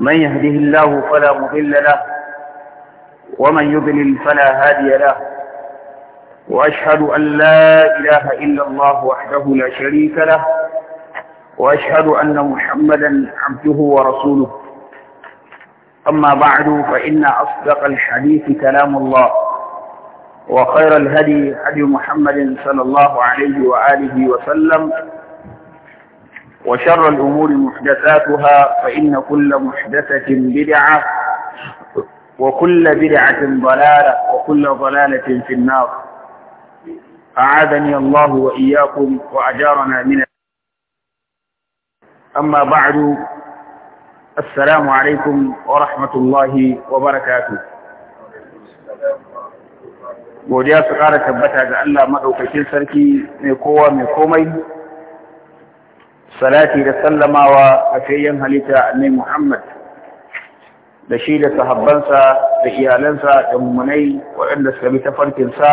من يهده الله فلا مضل له ومن يضلل فلا هادي له وأشهد أن لا إله إلا الله وحده لا شريك له وأشهد أن محمدا عبده ورسوله أما بعد فإن أصدق الحديث كلام الله وخير الهدي هدي محمد صلى الله عليه وآله وسلم وشر الأمور محدثاتها فإن كل محدثة بدعة وكل بدعة ضلالة وكل ضلالة في النار أعاذني الله وإياكم وأجارنا من أما بعد السلام عليكم ورحمة الله وبركاته وجاء سقارة ƙara tabbata الله Allah maɗaukakin sarki mai kowa salati da sallamawa a fayyan halitta annabi Muhammad da shi da sahabbansa da iyalansa da mummunai waɗanda suka bi tafarkinsa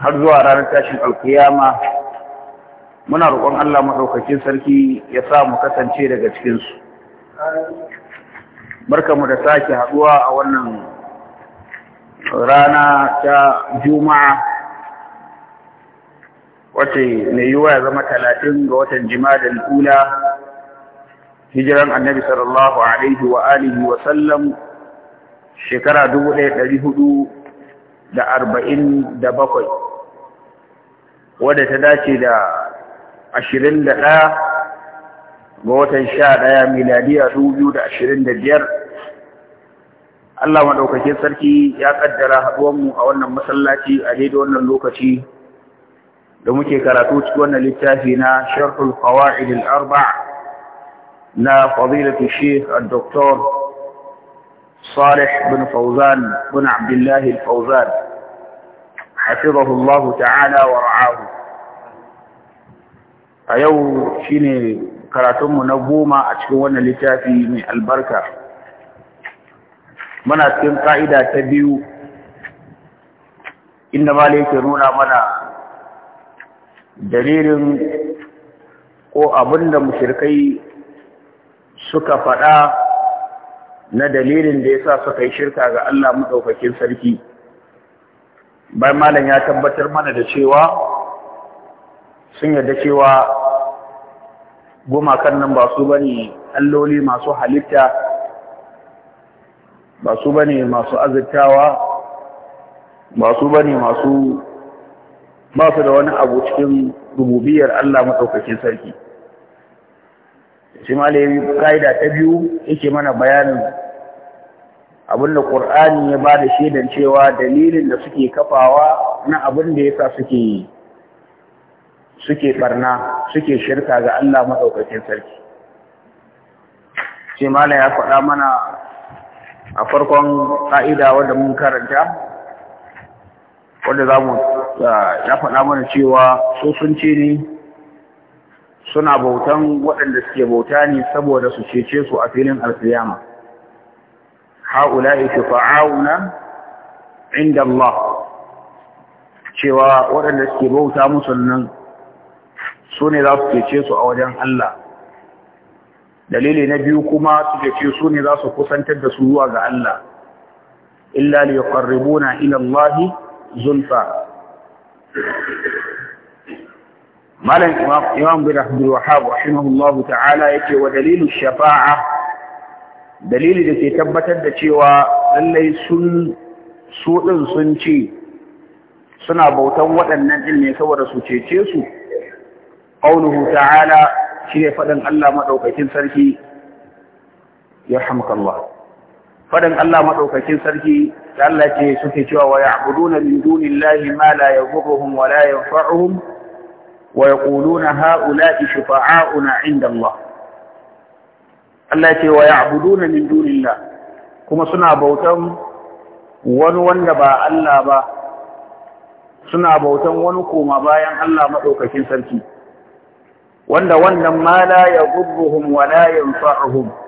har zuwa ranar tashin alkiyama muna roƙon Allah maɗaukakin sarki ya sa mu kasance daga cikinsu. mu da sake haɗuwa a wannan rana ta Juma'a wace mai yiwuwa ya zama talatin ga watan jimadin ula hijiran annabi sallallahu alaihi wa alihi wa sallam shekara dubu ɗaya ɗari hudu da arba'in da bakwai wadda ta dace da ashirin da ɗaya ga watan sha ɗaya miladiya dubu biyu da ashirin da biyar Allah maɗaukakin sarki ya ƙaddara haɗuwanmu a wannan masallaci a daidai wannan lokaci da muke karatu cikin wannan littafi na sharhul qawaid al arba' na fadilatu shaykh al-doktor Salih bin Fawzan bin Abdullah al-Fawzan hafizahu Allah ta'ala wa ra'ahu a yau shine karatunmu na goma a cikin wannan littafi mai albarka muna cikin ƙa'ida ta biyu inda malai ke nuna mana dalilin ko abin da mushirkai suka faɗa na dalilin da ya sa suka yi shirka ga Allah maɗaukakin sarki. Bayan malam ya tabbatar mana da cewa sun yarda cewa gumakan nan ba su bane alloli masu halitta ba su bane masu azurtawa ba su bane masu ba su da wani abu cikin rububiyar Allah maɗaukakin sarki shi malayi ka'ida ta biyu yake mana bayanin abinda ƙur'ani ya ba da shaidan cewa dalilin da suke kafawa na abin da yasa suke suke barna suke shirka ga Allah maɗaukakin sarki shi ya faɗa mana a farkon ka'ida wanda mun karanta wanda za mu ya faɗa mana cewa so sun ne suna bautan waɗanda suke bauta ne saboda su cece su a filin alkiyama ha'ula'i fa'auna inda Allah cewa waɗanda suke bauta musu nan su ne za su cece su a wajen Allah dalili na biyu kuma suke ce su ne za su kusantar da su zuwa ga Allah illa liqarribuna ila Allahi zulfa malam imam bin abdul wahab rahimahullahu ta'ala yake wa dalilin shafa'a dalili da ke tabbatar da cewa lallai sun su sun ce suna bautan waɗannan din ne saboda su cece su qauluhu ta'ala shi ne faɗin Allah maɗaukakin sarki yarhamukallah fadan Allah madaukakin sarki da Allah ce suke cewa wa ya'buduna min dunillahi ma la yadhurruhum wa la yanfa'uhum wa yaquluna ha'ula'i shufa'a'una 'inda Allah Allah ce wa ya'buduna min dunillah kuma suna bautan wani wanda ba Allah ba suna bautan wani koma bayan Allah madaukakin sarki wanda wannan ma la yadhurruhum wa la yanfa'uhum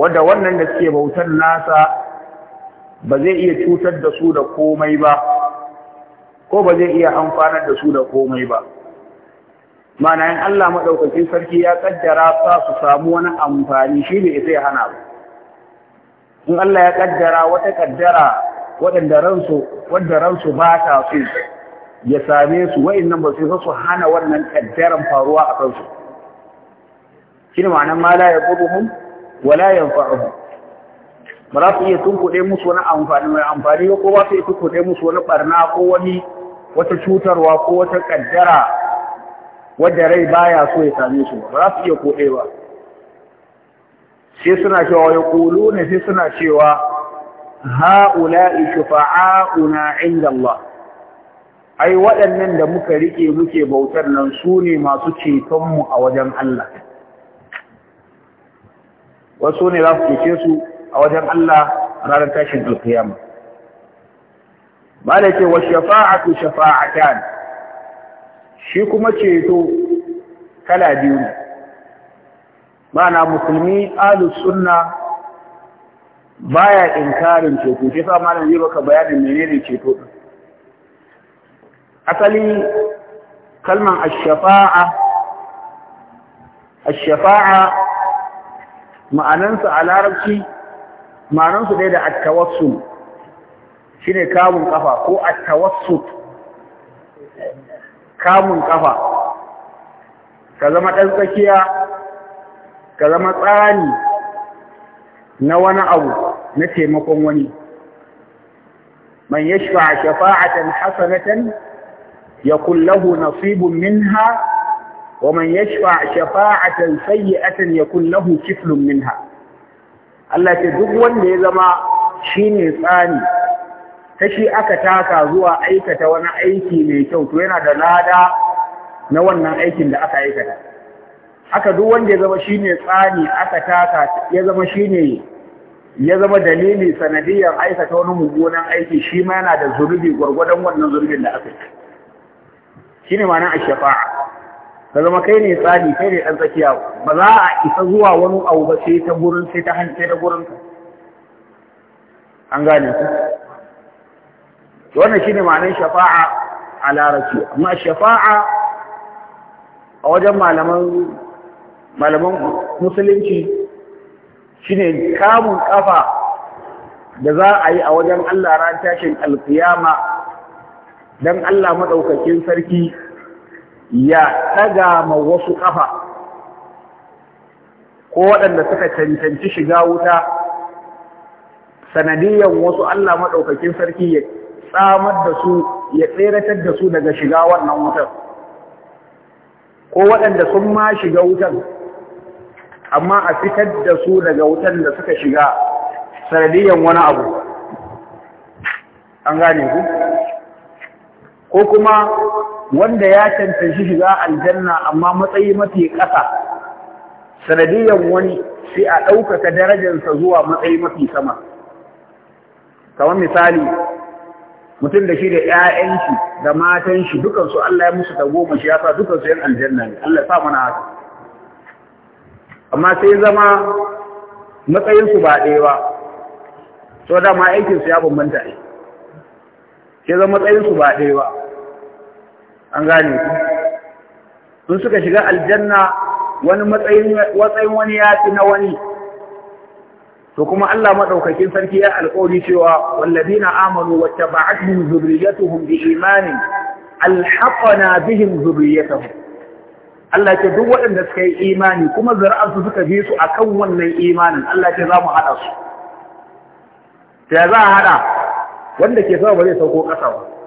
wanda wannan da suke bautar nasa ba zai iya cutar da su da komai ba ko ba zai iya amfanar da su da komai ba mana in Allah maɗaukakin sarki ya kaddara sa su samu wani amfani shi ne isa ya hana ba in Allah ya kaddara wata kaddara waɗanda ransu wanda ransu ba ta su ya same su nan ba su su hana wannan kaddaran faruwa a kansu shi ne ma'anar ma la mun? wala yanfa'uhu ba za su iya tunkuɗe musu wani amfani mai amfani ko ba su iya tunkuɗe musu wani barna ko wani wata cutarwa ko wata kaddara wadda rai baya so ya same su ba za su iya kuɗe ba sai suna cewa ya ƙulu ne sai suna cewa ha'ula'i shufa'a'una inda Allah ai waɗannan da muka rike muke bautar nan su ne masu cetonmu a wajen Allah wasu ne za su cece su a wajen Allah ranar tashin alkiyama malai ce wa shafa'atu shafa'atan shi kuma ceto kala biyu ne ma'ana musulmi ahlus sunna baya inkarin ceto shi sa malam zai baka bayanin menene ceto din asali kalman ash-shafa'a shafaa ma'anansu a larabci ma'anansu ɗaya da attawassu shi ne kamun kafa ko attawassu kamun kafa. ka zama ɗan tsakiya ka zama tsani na wani abu na taimakon wani man yashfa shafa'atan hasanatan yakullahu lahu nasibun minha ومن يشفع شفاعة سيئة يكون له كفل منها Allah ce duk wanda ya zama shine tsani ta shi aka taka zuwa aikata wani aiki mai kyau to yana da lada na wannan aikin da aka aikata haka duk wanda ya zama shine tsani aka taka ya zama shine ya zama dalili sanadiyar aikata wani mugunan aiki shi ma yana da zunubi gurgurdan wannan zunubin da aka yi shine ma'anar ash-shafa'a ta zama kai ne tsari kai ne ɗan tsakiya ba za a isa zuwa wani abu ba sai ta gurin sai ta hanci ta gurin ka an gane ku wannan shine ma'anar shafa'a a larabci amma shafa'a a wajen malaman malaman musulunci shine kamun kafa da za a yi a wajen Allah ran tashin alkiyama dan Allah madaukakin sarki ya ɗaga ma wasu ƙafa ko waɗanda suka cancanci shiga wuta sanadiyan wasu Allah maɗaukakin sarki ya tsamar da su ya tseratar da su daga shiga wannan wutar ko waɗanda sun ma shiga wutar amma a fitar da su daga wutar da suka shiga sanadiyan wani abu an gane ku ko kuma wanda ya cancanci shiga aljanna amma matsayi mafi ƙasa sanadiyan wani sai a ɗaukaka darajarsa zuwa matsayi mafi sama kamar misali mutum da shi da 'ya'yanshi da matan shi dukansu Allah ya musu tagoma shi ya sa dukansu yan aljanna ne Allah ya sa mana haka amma sai zama matsayinsu ba ɗaya ba so dama aikinsu ya bambanta ne sai zama matsayinsu ba ɗaya ba an gane ku sun suka shiga aljanna wani matsayin wani ya fi na wani to kuma Allah madaukakin sarki ya alƙawari cewa wallazina amanu wattaba'atuhum zurriyyatuhum biimanin alhaqana bihim zurriyyatuhum Allah ce duk waɗanda suka yi imani kuma zuri'arsu suka bi su akan wannan imanin Allah ce za mu haɗa su ta za a haɗa wanda ke sama ba zai sauko ƙasa ba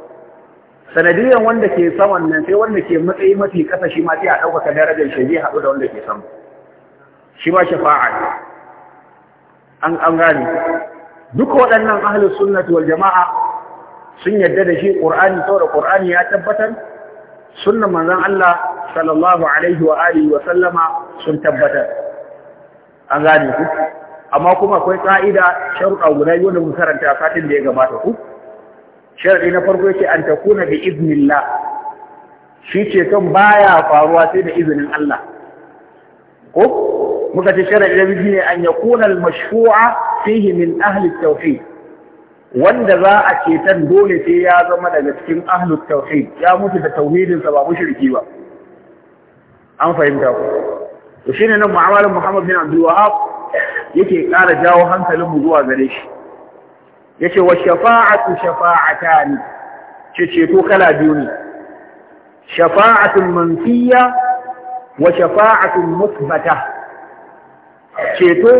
sanadiyar wanda ke saman nan sai wanda ke matsayi mafi kasa shi ma a ɗaukaka darajar shi zai haɗu da wanda ke sama shi ma shafa'a ne an an gane waɗannan ahlus sunnati wal jama'a sun yadda da shi qur'ani saboda qur'ani ya tabbatar sunnan manzon Allah sallallahu alaihi wa alihi wa sallama sun tabbatar an gane ku amma kuma akwai ƙa'ida, sharuɗa guda biyu da mun karanta a satin da ya gabata ku sharadi na farko yace an takuna bi iznillah shi ceton baya faruwa sai da izinin Allah ko muka ce sharadi na biyu ne an yakuna al-mashfu'a fihi min ahli tauhid wanda za a tan dole sai ya zama daga cikin ahli tauhid ya mutu da tauhidin sa ba mushriki ba an fahimta ku to shine nan mu'amalan Muhammad bin Abdul Wahhab yake ƙara jawo hankalin mu zuwa gare shi yace wa shafa'atu shafa'atan ce ceto kala biyu ne shafa'atun manfiya wa shafa'atun musbata ceto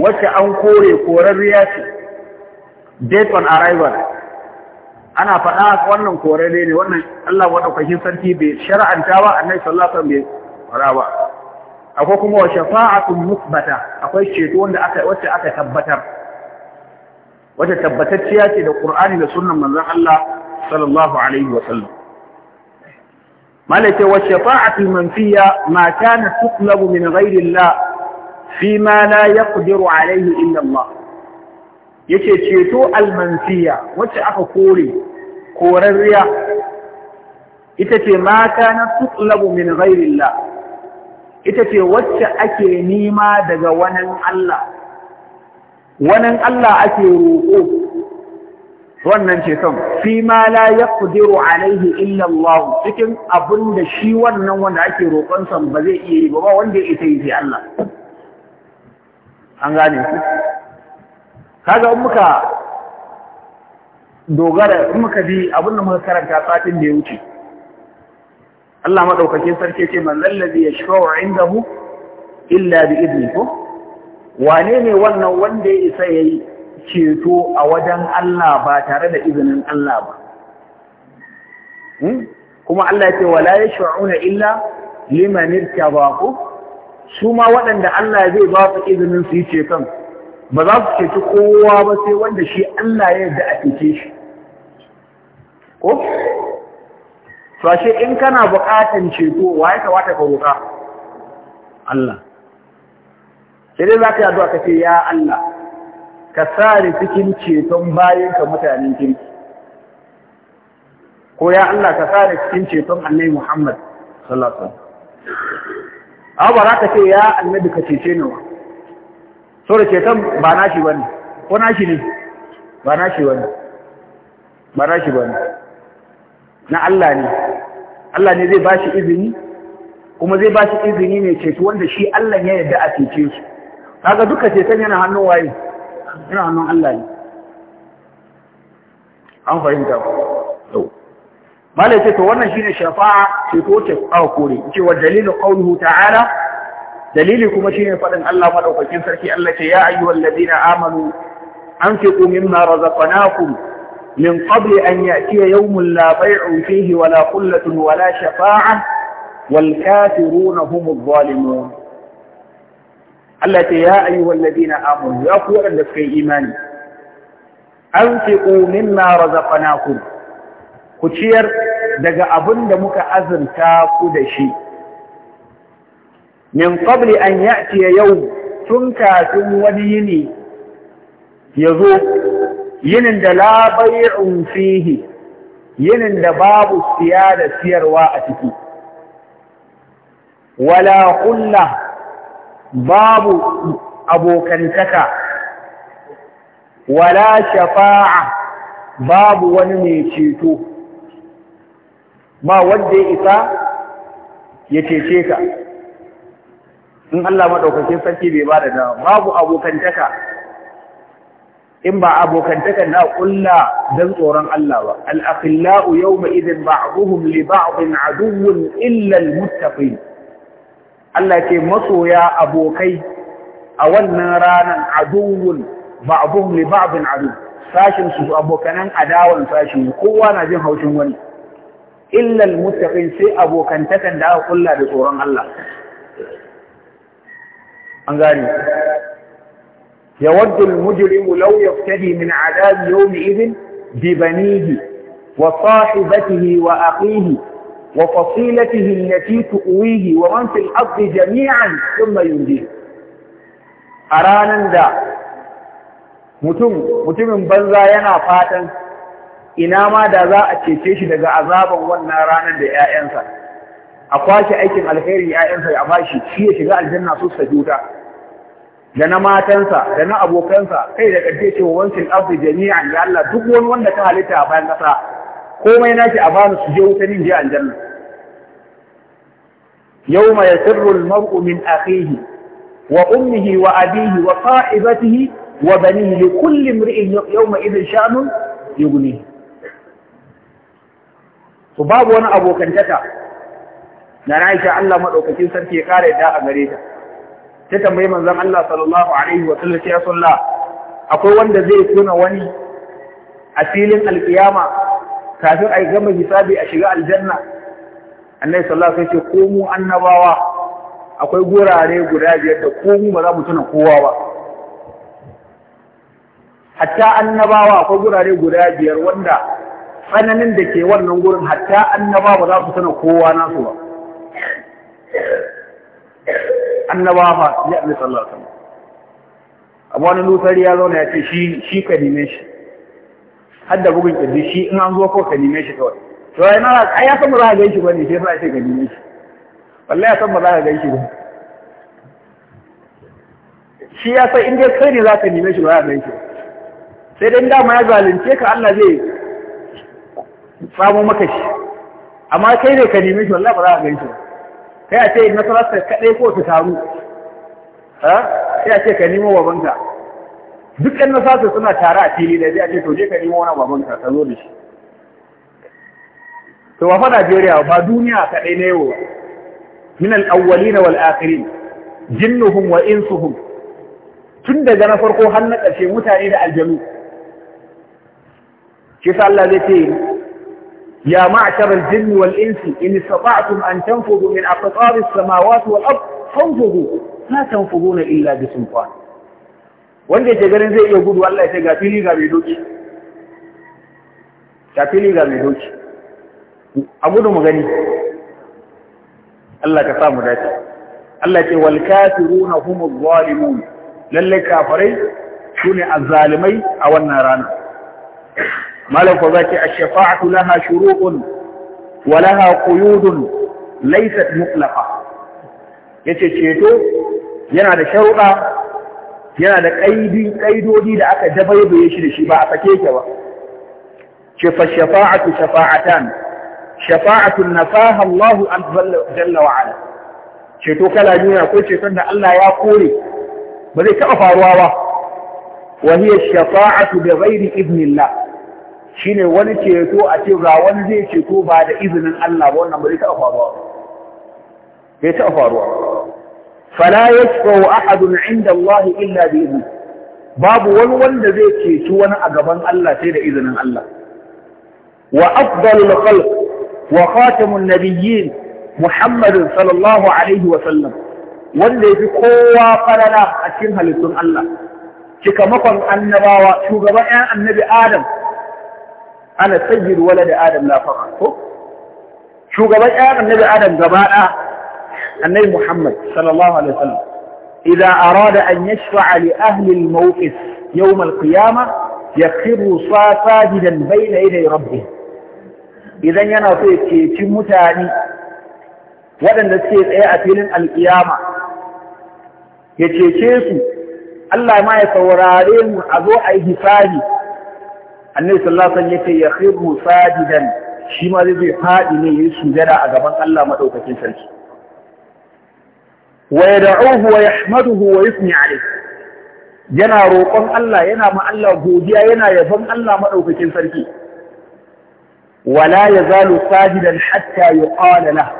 wacce an kore korarriya ce date on arrival ana faɗa wannan korarre ne wannan Allah madaukakin sarki bai shar'anta ba annabi sallallahu alaihi wasallam bai fara ba akwai kuma wa shafa'atun musbata akwai ceto wanda aka wacce aka tabbatar wata tabbatacciya ce da ƙur'ani da sunan manzon Allah sallallahu alaihi wa sallam malaka wa shafa'atu manfiya ma kana tuqlabu min ghairi Allah fi ma la yaqdiru alaihi illa Allah yace ceto almansiya wacce aka kore korarriya ita ce ma kana tuqlabu min ghairi Allah ita ce wacce ake nima daga wani Allah Wannan Allah ake roƙo wannan kan fi ma la yaqdiru alaihi illa Allah cikin abin da shi wannan wanda ake roƙon sa ba zai iya yi ba wanda ya ita yi sai Allah an gane ku kaga in muka dogara in muka bi abin da muka karanta satin da ya wuce Allah madaukakin sarki ce man lallazi yashfa'u indahu illa bi idnihi wane ne wannan wanda ya isa ya yi ceto a wajen Allah ba tare da izinin Allah ba hmm? kuma Allah ya ce wala na illa liman irtabahu su ma waɗanda Allah zai ba su izinin su yi ceton ba za su ceci kowa ba sai wanda shi Allah ya yarda a cece shi ko sashe in kana bukatan ceto wa ya kamata ka roƙa Allah sai dai za ka yaduwa ka ce ya Allah ka sare cikin ceton bayanka mutanen kirki ko ya Allah ka sare cikin ceton annai Muhammad sallallahu alaihi wasallam za ka ce ya annabi ka cece ni wa so da ceton ba nashi bane ko nashi ne ba nashi bane ba nashi bane na Allah ne Allah ne zai ba shi izini kuma zai ba shi izini ne ceto wanda shi Allah ya yarda a cece su kaga duka ceton yana hannun waye yana hannun Allah ne an fahimta to malai ce to wannan shine shafa'a ceto ce a kore wa dalilin qauluhu ta'ala dalili kuma shine fadin Allah madaukakin sarki Allah ce ya ayyuhal ladina amanu anfiqu mimma razaqnakum min qabli an ya'tiya yawmun la bay'un fihi wala qullatun wala shafa'a. wal kafiruna humudh zalimun Allah ce ya ayyuhal ladina amanu ya ku waɗanda suka yi imani anfiqu mimma razaqnakum ku ciyar daga abin da muka azurta ku da shi min qabli an ya'tiya yau tun kafin wani yini ya zo yinin da la bay'un fihi yinin da babu siya da siyarwa a ciki wala kullah babu abokantaka wala shafa'a babu wani mai ceto ba wanda ya isa ya cece ka in Allah maɗaukakin sarki bai ba da dama babu abokantaka in ba abokantaka na ƙulla don tsoron Allah ba al yau ma izin ba'aduhum li ba'adun aduwun illal muttaqin Allah ce masoya abokai a wannan ranar aduwun ba'dhum li ba'dhin adu sashin su abokanan adawan sashin kowa na jin haushin wani illa almuttaqin sai abokantakan da aka kulla da tsoron Allah an gane يود المجرم لو يفتدي من عذاب يومئذ ببنيه وصاحبته وأخيه وفصيلته التي تؤويه ومن في الأرض جميعا ثم ينجيه أرانا دا mutum mutumin banza yana fatan ina ma da za a cece shi daga azaban wannan ranar da 'ya'yansa a kwashe aikin alheri 'ya'yansa ya bashi shi ya shiga aljanna su sa juta da na matansa da na abokansa kai da ƙarfe ce wa wancin abu jami'an ya Allah duk wani wanda ka halitta a bayan ƙasa komai nashi a bani su je wuta nin je aljanna yawma yasirru al-mar'u min akhihi wa ummihi wa abihi wa sahibatihi wa banihi li kulli imri'in yawma idhin sha'nun yughnihi to babu wani abokantaka na Aisha Allah madaukakin sarki ya kare da a gare ta ta tambayi manzon Allah sallallahu alaihi wa sallam ya sallah akwai wanda zai tuna wani a filin alkiyama kafin a gama hisabi a shiga aljanna annabi sallallahu alaihi wasallam ce ko mu annabawa akwai gurare guda biyar da ko mu ba za mu tuna kowa ba hatta annabawa akwai gurare guda biyar wanda tsananin da ke wannan gurin hatta annabawa ba za su tuna kowa nasu ba annabawa ya annabi sallallahu alaihi wasallam abu wani lusari ya zauna ya ce shi shi ka nime shi Hadda bugun kirji shi in an zo ko ka nime shi kawai to ai na ai ya san ba za ka gaishe ba ne sai sai ka nime shi wallahi ya san ba za ka gaishe ba shi ya san in dai kai ne za ka nime shi ba za ka gaishe sai dai dama ya zalunce ka Allah zai samu maka shi amma kai ne ka nime shi wallahi ba za ka gaishe ba kai a ce nasarar kaɗai ko ta taru ha sai a ce ka nemo wa banka duk ɗan nasasu suna tare a fili da zai ce to je ka nemo wani babban ka ka zo da shi to wa fa Najeriya ba duniya ka dai ne yau min al-awwalin wal akhirin jinnuhum wa insuhum tun daga na farko har na ƙarshe mutane da aljanu shi sa Allah zai ce يا معشر الجن والإنس إن استطعتم أن تنفذوا من أقطار السماوات والأرض فانفذوا لا تنفذون إلا بسلطان wanda ke ganin zai iya gudu Allah ya ce ga fili ga mai doki ga fili ga mai doki a gudu mu gani Allah ka samu dace Allah ce wal kafiruna humuz zalimun lalle kafirai sune azzalimai a wannan rana malam ko zaki ash-shafa'atu laha shuru'un wa laha quyudun laysat mutlaqa yace ceto yana da sharuɗa yana da ƙaidin ƙaidodi da aka dabaibaye shi da shi ba a sake ke ba ce shafa'atu shafa'atan shafa'atu nafaha Allah an jalla wa ceto kala biyu akwai ceton da Allah ya kore ba zai taɓa faruwa ba Wani ya shafa'atu bi ghairi Shi shine wani ceto a ce ga wani zai ceto ba da izinin Allah ba wannan ba zai taɓa faruwa ba zai taɓa faruwa fala yashfa'u ahadun 'inda Allah illa bi idni babu wani wanda zai ceci wani a gaban Allah sai da izinin Allah wa afdalul khalq wa khatamun nabiyyin Muhammadu sallallahu alaihi wa sallam wanda yafi kowa falala a cikin halittun Allah cikamakon annabawa shugaban 'yan annabi Adam ana Adam shugaban annabi Adam gaba النبي محمد صلى الله عليه وسلم إذا أراد أن يشفع لأهل الموقف يوم القيامة يخر صافاجدا بين يدي ربه إذا إذن ينطيك تمتاني ودن لسيط إيأتي لن القيامة يتشيكيسو الله ما يصور عليهم أبو أي هفاجي النبي صلى الله عليه وسلم يخر صافاجدا شما ذي حاجي ليسو جدا أقبان الله ما توفكين سلسل wa yad'uhu wa yahmaduhu wa yuthni alayhi yana roƙon Allah yana ma Allah godiya yana yabon Allah madaukakin sarki wala yazalu sajidan hatta yuqala lahu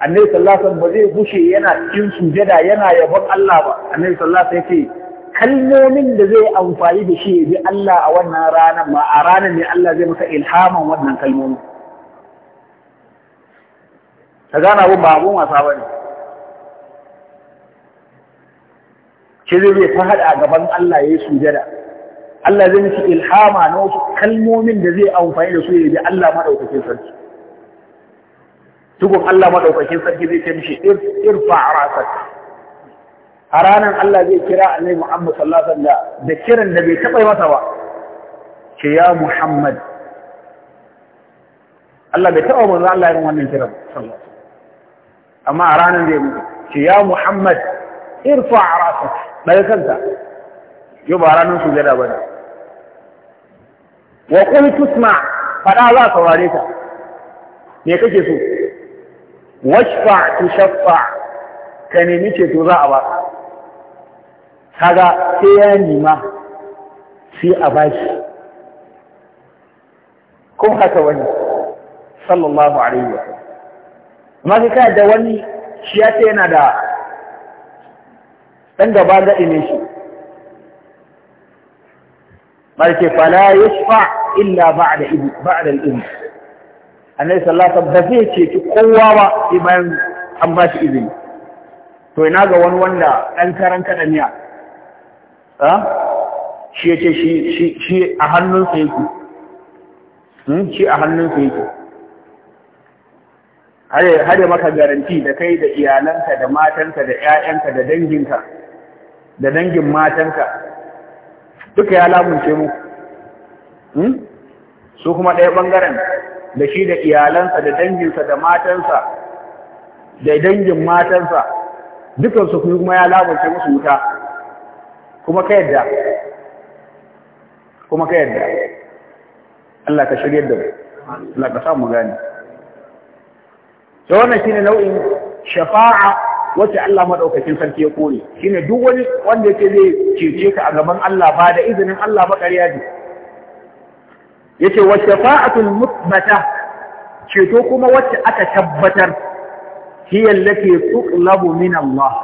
annabi sallallahu alaihi ba zai gushe yana cikin sujada yana yabon Allah ba annabi sallallahu alaihi kalmomin da zai amfani da shi bi Allah a wannan ranar ma a ranar ne Allah zai masa ilhaman wannan kalmomi ka gana abun ba abun wasa ne. shi zai zai ta haɗa a gaban Allah ya yi sujada Allah zai mishi ilhama na wasu kalmomin da zai amfani da su ya bi Allah maɗaukakin sarki tukun Allah maɗaukakin sarki zai ce mishi irfa rasak a ranar Allah zai kira annabi Muhammad sallallahu alaihi wasallam da kiran da bai taɓa masa ba Ke ya Muhammad Allah bai taɓa manzo Allah yin wannan kiran sallallahu amma a ranar zai mutu ce ya Muhammad irfa rasak ɗaya kanta yau ba ranar gada ba ne wa kun tusma faɗa za a saurare ta. me kake so washfa tushaffa ka nemi ceto za a baka kaga sai ya nima sai a bashi kun haka wani sallallahu alaihi wa sallam amma kai da wani shi ya yana da dan gaba gaɗi ne shi malke fala yashfa illa ba'da ibu ba'da al-ibu annabi sallallahu alaihi wasallam zai ceci kowa ba sai bayan an ba shi izini to ina ga wani wanda ɗan karan kadamiya ha shi yace shi shi a hannunsa yake hmm shi a hannunsa yake hare hare maka garanti da kai da iyalanka da matanka da ƴaƴanka da danginka da dangin matanka duka ya lamunce mu hmm? su kuma ɗaya ɓangaren da shi da iyalansa da danginsa da matansa da dangin matansa dukansu kuma ya lamunce musu wuta kuma ka yadda kuma ka yadda Allah ka shirya da Allah ka samu gani sai wannan shine nau'in shafa'a wacce Allah maɗaukakin sarki ya kore shine duk wani wanda yake zai cece ka a gaban Allah ba da izinin Allah ba ƙarya ne yace wacce shafa'atul mutbata ceto kuma wacce aka tabbatar hiya allati tuqlabu min Allah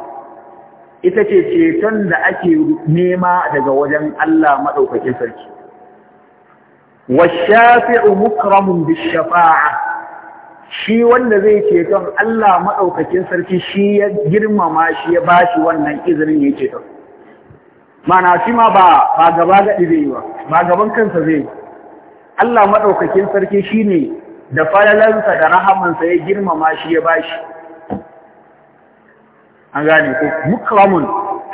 ita ce ceton da ake nema daga wajen Allah maɗaukakin sarki wa shafi'u mukramun bi shafa'a shi wanda zai ceton Allah maɗaukakin sarki shi ya girmama shi ya ba shi wannan izinin ya ceton. Mana shi ma ba ba gaba gaɗi zai yi ba, ba gaban kansa zai yi. Allah maɗaukakin sarki shi ne da falalansa da rahamansa ya girmama shi ya ba shi. An gane ko, mukramun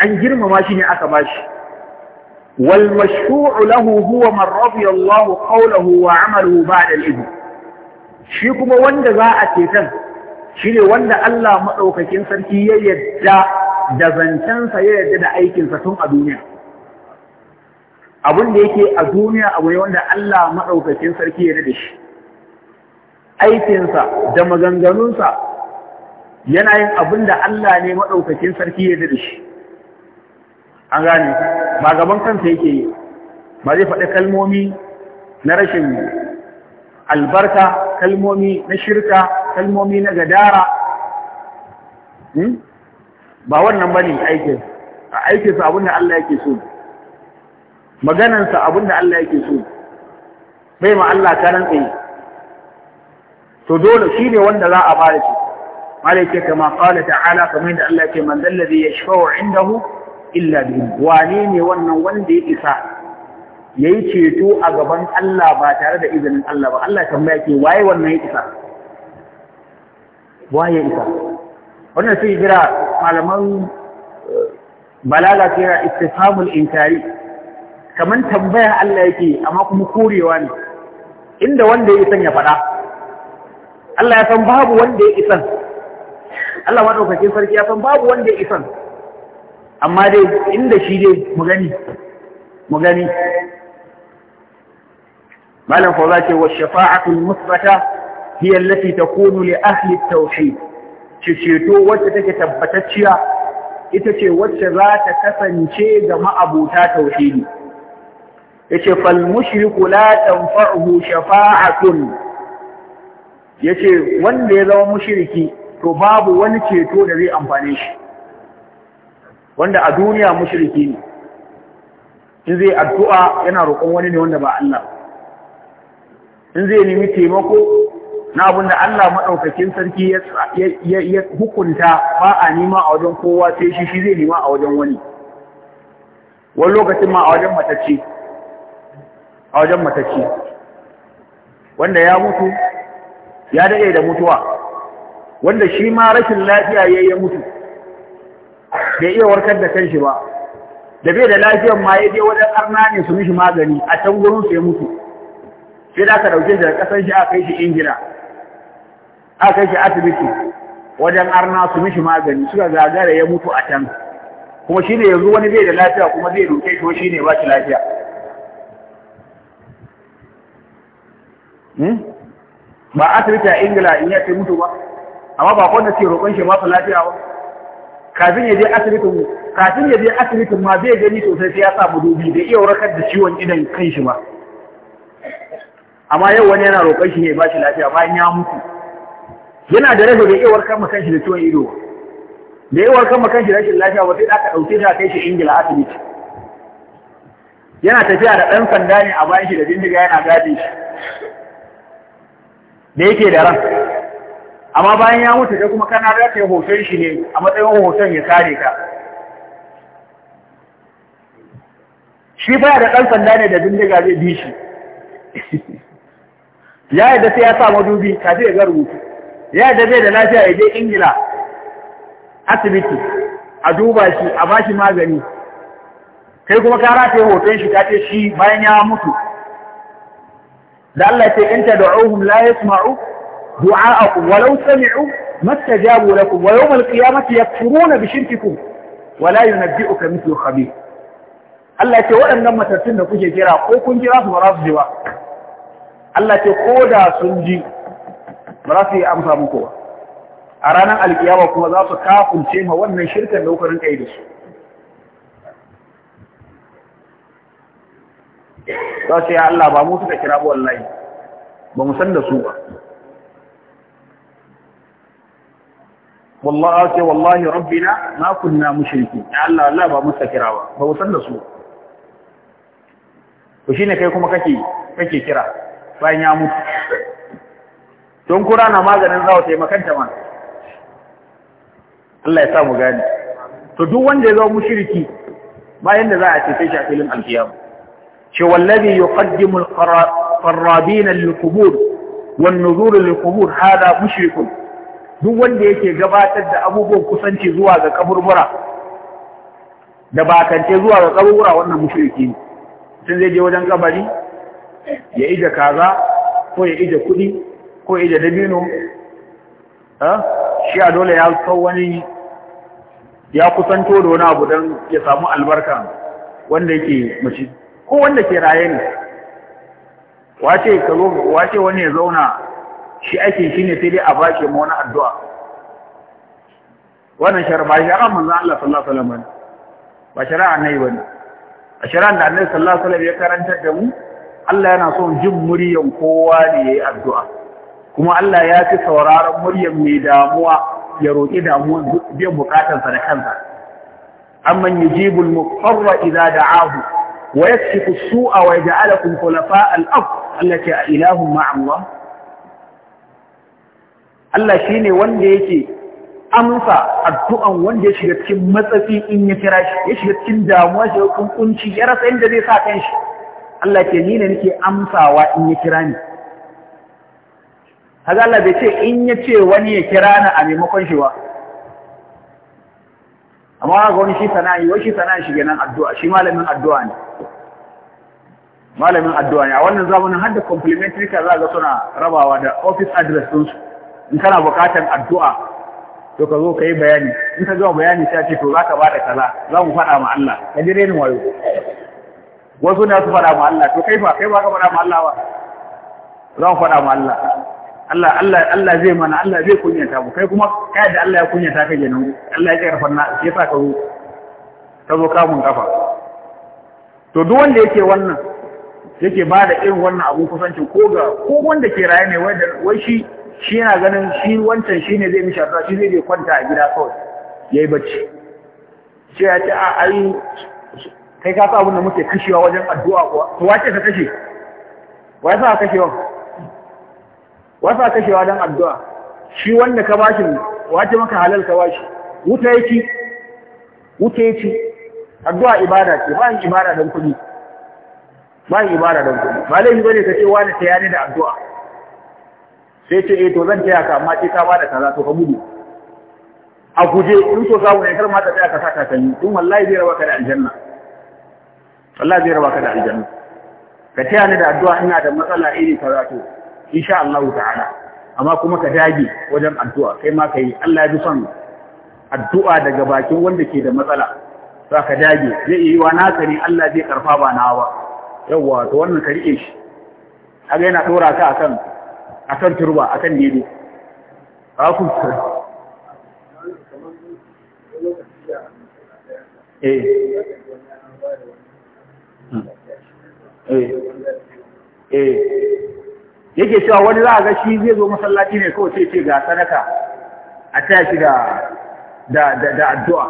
an girmama shi ne aka ba shi. Wal mashru'u lahu huwa man radiya Allahu qawlahu wa amalu ba'da al-idh. shi kuma wanda za a ceton shi ne wanda Allah maɗaukakin sarki ya yadda da zancensa ya yadda da aikinsa tun a duniya abin da yake a duniya abu ne wanda Allah maɗaukakin sarki ya da shi aikinsa da maganganunsa yana yin abin da Allah ne maɗaukakin sarki ya da shi an gane ba gaban kansa yake yi ba zai faɗi kalmomi na rashin albarka kalmomi na shirka kalmomi na gadara hmm? ba wannan bane aikin A aikin sa abinda Allah yake so maganan sa abinda Allah yake so bai ma Allah karan tsaye to dole shi ne wanda za a fara shi malaike kama qala ta'ala kamar da Allah yake man dalladhi yashfa'u indahu illa bihi wane ne wannan wanda ya isa ya yi ceto a gaban Allah ba tare da izinin Allah ba Allah tambaya ke waye wannan ya isa waye isa wannan sai jira malaman eh, balaga sai yana istifhamul inkari kaman tambaya Allah yake amma kuma korewa ne inda wanda ya san ya faɗa Allah ya san babu wanda ya isan Allah ma madaukakin sarki ya san babu wanda ya isan amma dai inda shi dai mu gani mu gani malam fauza ce wa shafa'atu musbata hiya allati takunu li ahli tauhid ce wacce take tabbatacciya ita ce wacce za ta kasance ga ma'abuta tauhidi yace fal mushriku la tanfa'uhu shafa'atun yace wanda ya zama mushriki to babu wani ceto da zai amfane shi wanda a duniya mushriki ne in zai addu'a yana roƙon wani ne wanda ba Allah in zai nemi taimako na abin da Allah maɗaukakin sarki ya hukunta ba a nima a wajen kowa sai shi shi zai nima a wajen wani wani lokacin ma a wajen matacce a wajen matacce wanda ya mutu ya daɗe da mutuwa wanda shi ma rashin lafiya ya yi mutu bai iya warkar da kanshi ba da bai da lafiyan ma ya je wajen arna ne su mishi magani a can gurin su ya mutu sai da aka dauke shi da kasar shi aka kai shi ingila aka kai shi asibiti wajen arna su mishi magani suka gagara ya mutu a can kuma shi ne yanzu wani zai da lafiya kuma zai roƙe shi shi ne ba shi lafiya hmm? ba asibiti a ingila in ya ce mutu ba amma ba kwanda ce roƙon shi ba su lafiya ba kafin ya je asibitin kafin ya je asibitin ma zai gani sosai sai ya sa madubi bai iya warkar da ciwon idan kan shi ba amma yau wani yana roƙon shi ne ba shi lafiya bayan ya mutu yana da rashin da iya warkar ma kanshi da ciwon ido da iya warkar ma kanshi rashin lafiya ba sai da aka ɗauke shi a kai shi ingila asibiti yana tafiya da ɗan sanda ne a bayan shi da bindiga yana gadi shi da yake da ran amma bayan ya mutu sai kuma kana za ka hoton shi ne a matsayin hoton ya kare ka shi baya da ɗan sanda ne da bindiga zai bi shi ya yadda sai ya sa madubi kafin ya ga rubutu ya yadda zai da lafiya ya je ingila asibiti a duba shi a bashi magani kai kuma ka rataye hoton shi ka ce shi bayan ya mutu da Allah ce in tad'uhum la yasma'u du'a'akum walau sami'u mastajabu lakum wa yawm al-qiyamati yakfuruna bi shirkikum wa la yunabbi'uka mithlu khabir Allah ce waɗannan matattun da kuke kira ko kun kira su ba za su ba Allah ce ko da sun ji ba za su yi amsa muku ba a ranar alkiyama kuma za su kafunce ma wannan shirkan da kuka rinka yi da su za su ya Allah ba mu suka kira ba wallahi ba mu san da su ba wallahi ce wallahi rabbina na kunna mushriki ya Allah Allah ba mu suka kira ba ba mu san da su ba ne kai kuma kake kira bayan ya mutu don kura na maganin zawo taimakanta ma Allah ya sa gani to duk wanda ya zama mushriki bayan da za a ce shi a filin alkiyama ce wallazi yuqaddimu al-qarrabina lil-qubur wan-nuzur lil-qubur hada mushrikun duk wanda yake gabatar da abubuwan kusanci zuwa ga kaburbura da bakance zuwa ga kaburbura wannan mushriki ne tun zai je wajen kabari ya ije kaza ko ya ije kuɗi ko ya ije dabino shi a dole ya sau wani ya kusanto da wani abu don ya samu albarka wanda yake mace ko wanda ke raye ne wace ka zo wace wani ya zauna shi ake shi ne sai dai a bashi ma wani addu'a wannan shari'a shari'a manzo Allah sallallahu alaihi wasallam ba shari'a annabi bane a shari'a da annabi sallallahu alaihi wasallam ya karantar da mu Allah yana son jin muryan kowa ne yayi addu'a kuma Allah ya ci sauraron muryan mai damuwa ya roki damuwa biyan sa da kansa amman yujibul muqarra idza da'ahu wa yakshifu as-su'a wa yaj'alukum khulafa' al-ard allati ilahum ma'a Allah Allah shine wanda yake amsa addu'an wanda ya shiga cikin matsafi in ya kira shi ya shiga cikin damuwa shi ya kunci ya rasa inda zai sa kanshi Allah ce ni ne nake amsawa in ya kira ni kaga Allah bai ce in ya ce wani ya kira ni a maimakon shi ba amma ga wani shi sana'i wai shi sana'i shi kenan addu'a shi malamin addu'a ne malamin addu'a ne a wannan zamanin har da complimentary ka za ga suna rabawa da office address su, in kana buƙatar addu'a to ka zo ka yi bayani in ka zo bayani sai ce to za ka ba da kaza za mu faɗa ma Allah ka ji renin wayo wasu ne su faɗa ma Allah to kai fa kai ba ka faɗa ma Allah ba za mu faɗa ma Allah Allah Allah Allah zai mana Allah zai kunyata mu kai kuma kai da Allah ya kunyata ka kenan Allah ya karfa na sai sa ka zo ka mun kamun kafa to duk wanda yake wannan yake ba da irin wannan abun kusancin ko ga ko wanda ke raye ne wai shi shi yana ganin shi wancan shi ne zai mishi shi zai je kwanta a gida kawai yayi bacci sai ya ce a ai kai ka abin da muke kashewa wajen addu'a kuwa kuwa wace ka kashe wa yasa kashewa wa yasa kashewa don addu'a shi wanda ka bashi wace maka halal ka bashi wuta yake wuta yake addu'a ibada ce ba ibada don kuɗi ba ibada don kuɗi ba laifi bane ka ce wani ta yare da addu'a sai ce eh to zan taya ka amma sai ka bada za to ka gudu a guje in so samu ne kar ma ta tsaya ka sa takalmi tun wallahi zai rawa ka da aljanna Allah zai raba ka da aljanna ka taya ni da addu'a ina da matsala iri karatu. to insha Allah ta'ala amma kuma ka dage wajen addu'a kai ma kai Allah ya bi son addu'a daga bakin wanda ke da matsala za ka dage zai yi wa naka ne Allah zai karfa ba na ba yawwa to wannan ka rike shi haka yana dora ka akan akan turba akan dede ba ku eh Eh. Eh. yake cewa wani za a ga shi zai zo masallaci ne kawai sai ce ga sadaka a taya shi da addu'a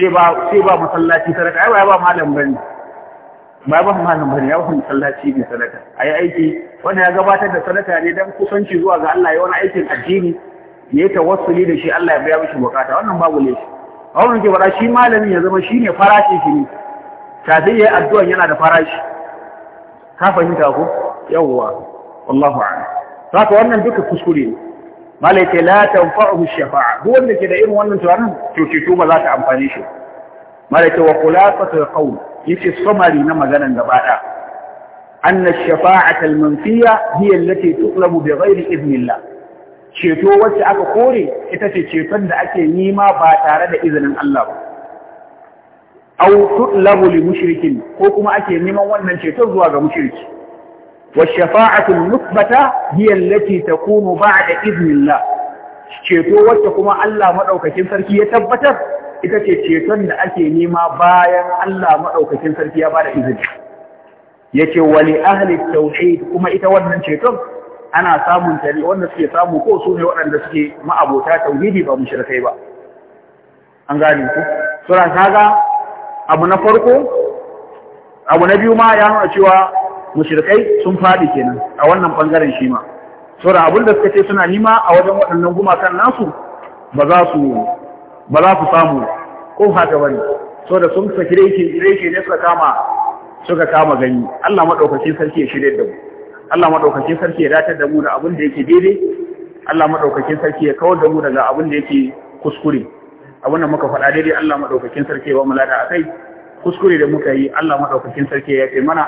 sai ba masallaci sadaka ai ba ba malam bane ba ba malam bane ya ba masallaci ne sadaka yi aiki Wani ya gabatar da sadaka ne don kusanci zuwa ga Allah ya wani aikin addini ne tawassuli da shi Allah ya biya mishi bukata wannan babu shi. a wannan ke faɗa shi malamin ya zama ne farashi shi ne kafin yi addu'an yana da farashi ka fahimta ku? yawwa wallahu a'lam ka wannan duka kuskure ne malai la shafa'a duk wanda ke da irin wannan tunanin to ba za ta amfane shi malai ce wa khulafatul qawl yace summary na maganan gaba da anna shafa'ata al-manfiya hiya allati tuqlabu bighairi idnillah ceto wacce aka kore ita ce ceton da ake nima ba tare da izinin Allah ba aw tutlabu li mushrikin ko kuma ake neman wannan ceto zuwa ga mushriki wa shafa'atu musbata hiya allati takunu ba'da idnillah ceto wacce kuma Allah madaukakin sarki ya tabbatar ita ce ceton da ake nema bayan Allah madaukakin sarki ya bada izini yace wa li ahli tauhid kuma ita wannan ceton ana samun ta ne wanda suke samu ko su ne waɗanda suke ma'abota tauhidi ba mushrikai ba an gane ku sura kaga abu na farko abu na biyu ma ya nuna cewa mushirkai sun faɗi kenan a wannan bangaren shi ma saboda abin da suka ce suna nima a wajen waɗannan gumakan nasu ba za su ba za su samu ko haka ne. saboda sun saki reke reke ne suka kama suka kama gani Allah madaukakin sarki ya shirye da mu Allah madaukakin sarki ya datar da mu da abin da yake daidai Allah madaukakin sarki ya kawar da mu daga abin da yake kuskure abin da muka faɗa daidai Allah maɗaukakin sarki ba mu lada a kai kuskure da muka yi Allah maɗaukakin sarki ya ce mana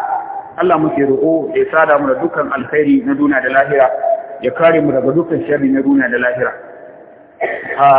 Allah muke roƙo ya sada mu da dukkan alkhairi na duniya da lahira ya kare mu daga dukkan sharri na duniya da lahira ah,